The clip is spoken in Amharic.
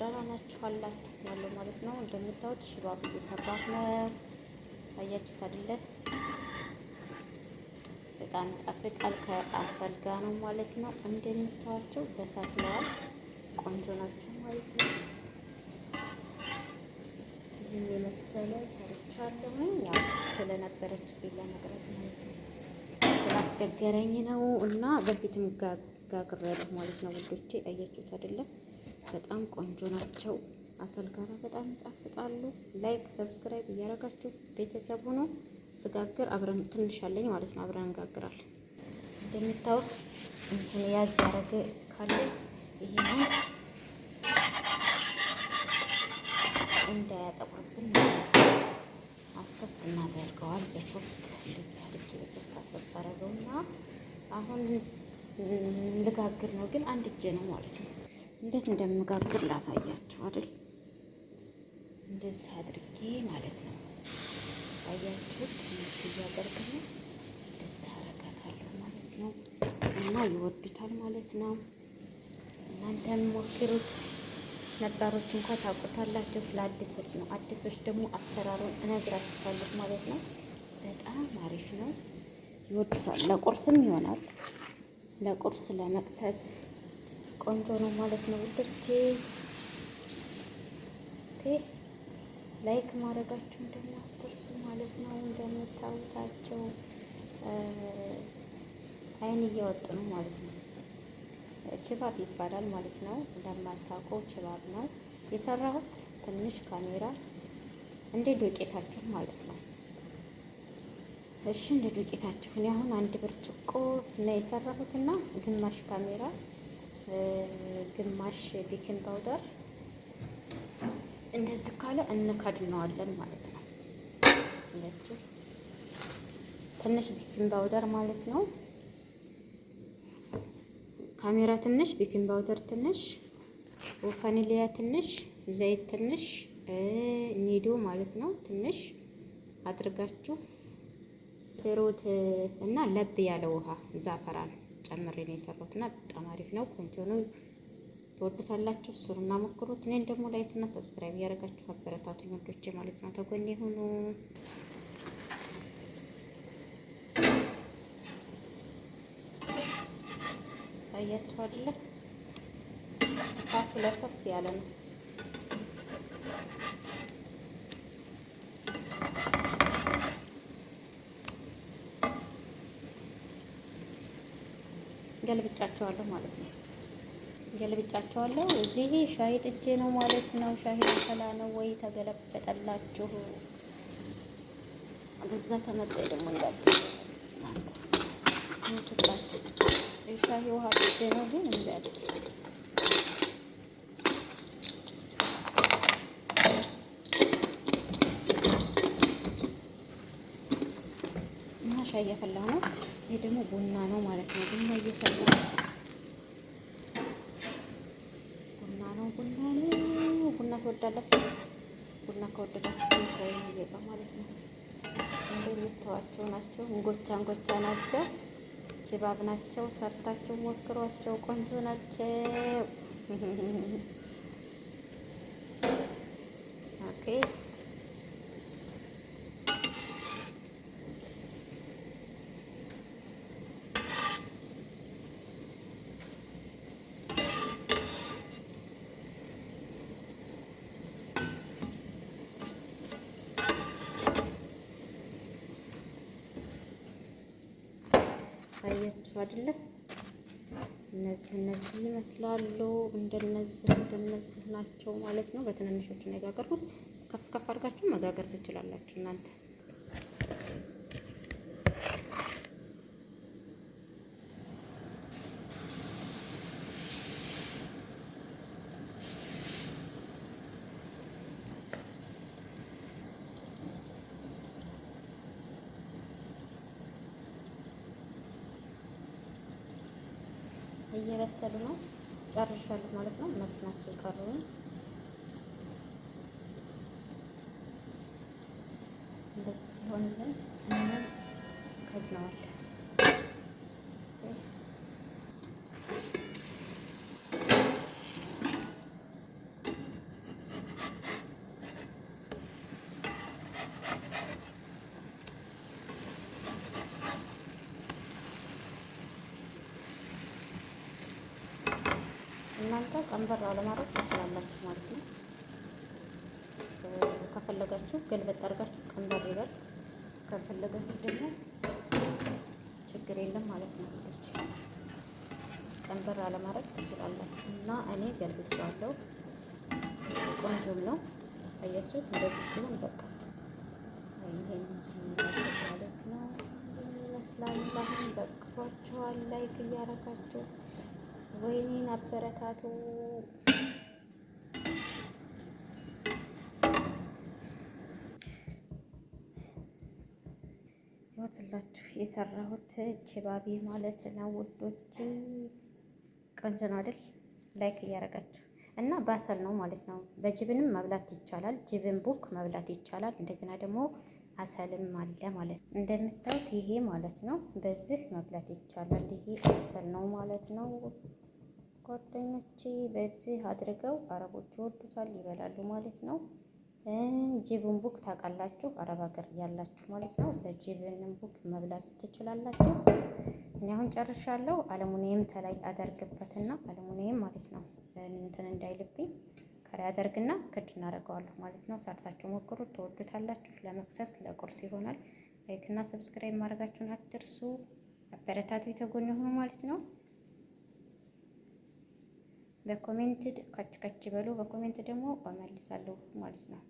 ደህና ናችሁ አላችሁ ያለው ማለት ነው። እንደምታዩት ሽባብ እየሰራሁ ነው። አያችሁት አይደለ? በጣም ይጣፍጣል። ከአሰል ጋ ነው ማለት ነው። እንደምታዩቸው በሳስለዋል። ቆንጆ ናቸው ማለት ነው። ይህ የመሰለ ሰርቻለሁኝ። ያው ስለነበረች ቤላ መቅረጽ ማለት ነው ስላስቸገረኝ ነው እና በፊትም ጋግሬያለሁ ማለት ነው ውዶቼ። አያችሁት አይደለም? በጣም ቆንጆ ናቸው። አሰል ጋራ በጣም ይጣፍጣሉ። ላይክ ሰብስክራይብ እያደረጋችሁ ቤተሰብ ሆኖ ስጋግር አብረን ትንሽ አለኝ ማለት ነው አብረን እንጋግራለን። እንደምታውቅ እንትን ያዝ ያደረገ ካለ ይሄ እንዳያጠቁርብን አሰስ እናደርገዋል። በሶፍት እንደዚህ በሶፍት አሰስ አሁን ልጋግር ነው ግን አንድ እጄ ነው ማለት ነው እንዴት እንደምጋግር ላሳያችሁ አይደል? እንደዚህ አድርጌ ማለት ነው። አያችሁት? ትንሽ እያደርግነ እንደዚህ አረጋታለሁ ማለት ነው። እና ይወዱታል ማለት ነው። እናንተም ሞክሩት። ነባሮች እንኳን ታውቁታላችሁ፣ ስለ አዲሶች ነው። አዲሶች ደግሞ አሰራሩን እነግራችኋለሁ ማለት ነው። በጣም አሪፍ ነው። ይወዱታል። ለቁርስም ይሆናል፣ ለቁርስ ለመቅሰስ ቆንጆ ነው ማለት ነው ውዶቼ። ላይክ ማድረጋችሁ እንደማትርሱ ማለት ነው። እንደምታውታቸው አይን እያወጡ ነው ማለት ነው። ችባብ ይባላል ማለት ነው። እንደማታውቀው ችባብ ነው የሰራሁት። ትንሽ ካሜራ እንደ ዱቄታችሁ ማለት ነው። እሺ እንደ ዱቄታችሁ እኔ አሁን አንድ ብርጭቆ ነው የሰራሁትና ግማሽ ካሜራ ግማሽ ቤኪንግ ፓውደር እንደዚህ ካለ እንከድነዋለን ማለት ነው። እንደዚህ ትንሽ ቤኪንግ ፓውደር ማለት ነው። ካሜራ ትንሽ፣ ቤኪንግ ፓውደር ትንሽ፣ ወፈኒሊያ ትንሽ፣ ዘይት ትንሽ፣ ኒዶ ማለት ነው ትንሽ አድርጋችሁ ስሩት እና ለብ ያለ ውሃ ዛፈራን ጨምሬ ነው የሰራሁት እና በጣም አሪፍ ነው። ቆንጆ ነው። ትወዱታላችሁ። ስሩና ሞክሩት። እኔን ደግሞ ላይክ እና ሰብስክራይብ ያደረጋችሁ አበረታቱኝ ወዶቼ ማለት ነው። ተጎኔ ሁኑ። አያችሁ አይደለ? ሳፍ ያለ ነው። ገልብጫቸዋለሁ ማለት ነው። ገልብጫቸዋለሁ። እዚህ ሻይ ጥጄ ነው ማለት ነው። ሻይ ፈላ ነው ወይ ተገለበጠላችሁ። በዛ ተመጣ ደግሞ እንዳት ሻይ ውሃ ጥጄ ነው ግን እንዳት ሻይ እያፈላሁ ነው ይሄ ደግሞ ቡና ነው ማለት ነው። ቡና እየፈላ ቡና ነው ቡና ነው ቡና ትወዳላችሁ። ቡና ከወደዳችሁ ከወይን እየቀ ማለት ነው። እንደሚተዋቸው ናቸው። እንጎቻ እንጎቻ ናቸው። ሽባብ ናቸው። ሰርታቸው ሞክሯቸው። ቆንጆ ናቸው። ኦኬ አያችሁ አይደለ? እነዚህ እነዚህ ይመስላሉ። እንደነዚህ እንደነዚህ ናቸው ማለት ነው። በትንንሾቹ ነው የጋገርኩት። ከፍ ከፍ አድርጋችሁ መጋገር ትችላላችሁ እናንተ እየበሰሉ ነው። ጨርሻለሁ ማለት ነው። እነዚህ ናቸው የቀሩኝ። እንደዚህ ሲሆንልን እኔ ከድነዋለን እናንተ ቀንበር ለማድረግ ትችላላችሁ ማለት ነው። ከፈለጋችሁ ገልበጥ አድርጋችሁ ቀንበር ይበል፣ ከፈለጋችሁ ደግሞ ችግር የለም ማለት ነው። ልጆች ቀንበር ለማድረግ ትችላላችሁ እና እኔ ገልብጫለሁ። ቆንጆም ነው አያችሁት። እንደዚህ ሲሆን በቃ ይሄን ሲላችሁ ማለት ነው ይመስላል። አሁን በቅቷቸዋል። ላይክ እያረጋችሁ ወይኔን አበረታቱ። ይወትላችሁ የሰራሁት ችባቢ ማለት ነው ውዶች፣ ቆንጆ ነው አይደል? ላይክ እያደረጋችሁ እና ባሰል ነው ማለት ነው። በጅብንም መብላት ይቻላል። ጅብን ቡክ መብላት ይቻላል። እንደገና ደግሞ አሰልም አለ ማለት ነው። እንደምታዩት ይሄ ማለት ነው። በዚህ መብላት ይቻላል። ይሄ አሰል ነው ማለት ነው። ጓደኞቼ በዚህ አድርገው አረቦች ይወዱታል ይበላሉ ማለት ነው። ጅብን ቡክ ታውቃላችሁ፣ አረብ ሀገር ያላችሁ ማለት ነው። በጅብንም ቡክ መብላት ትችላላችሁ። እኔ አሁን ጨርሻለሁ። አለሙኒየም ተላይ አደርግበትና አለሙኒየም ማለት ነው እንትን እንዳይልብኝ ከሪ አደርግና ክድ እናደርገዋለሁ ማለት ነው። ሰርታችሁ ሞክሩት፣ ትወዱታላችሁ። ለመክሰስ ለቁርስ ይሆናል። ላይክና ሰብስክራይብ ማድረጋችሁን አትርሱ። አበረታቱ የተጎኘ ሆኖ ማለት ነው። በኮሜንት ከች ከች በሉ። በኮሜንት ደግሞ እመልሳለሁ ማለት ነው።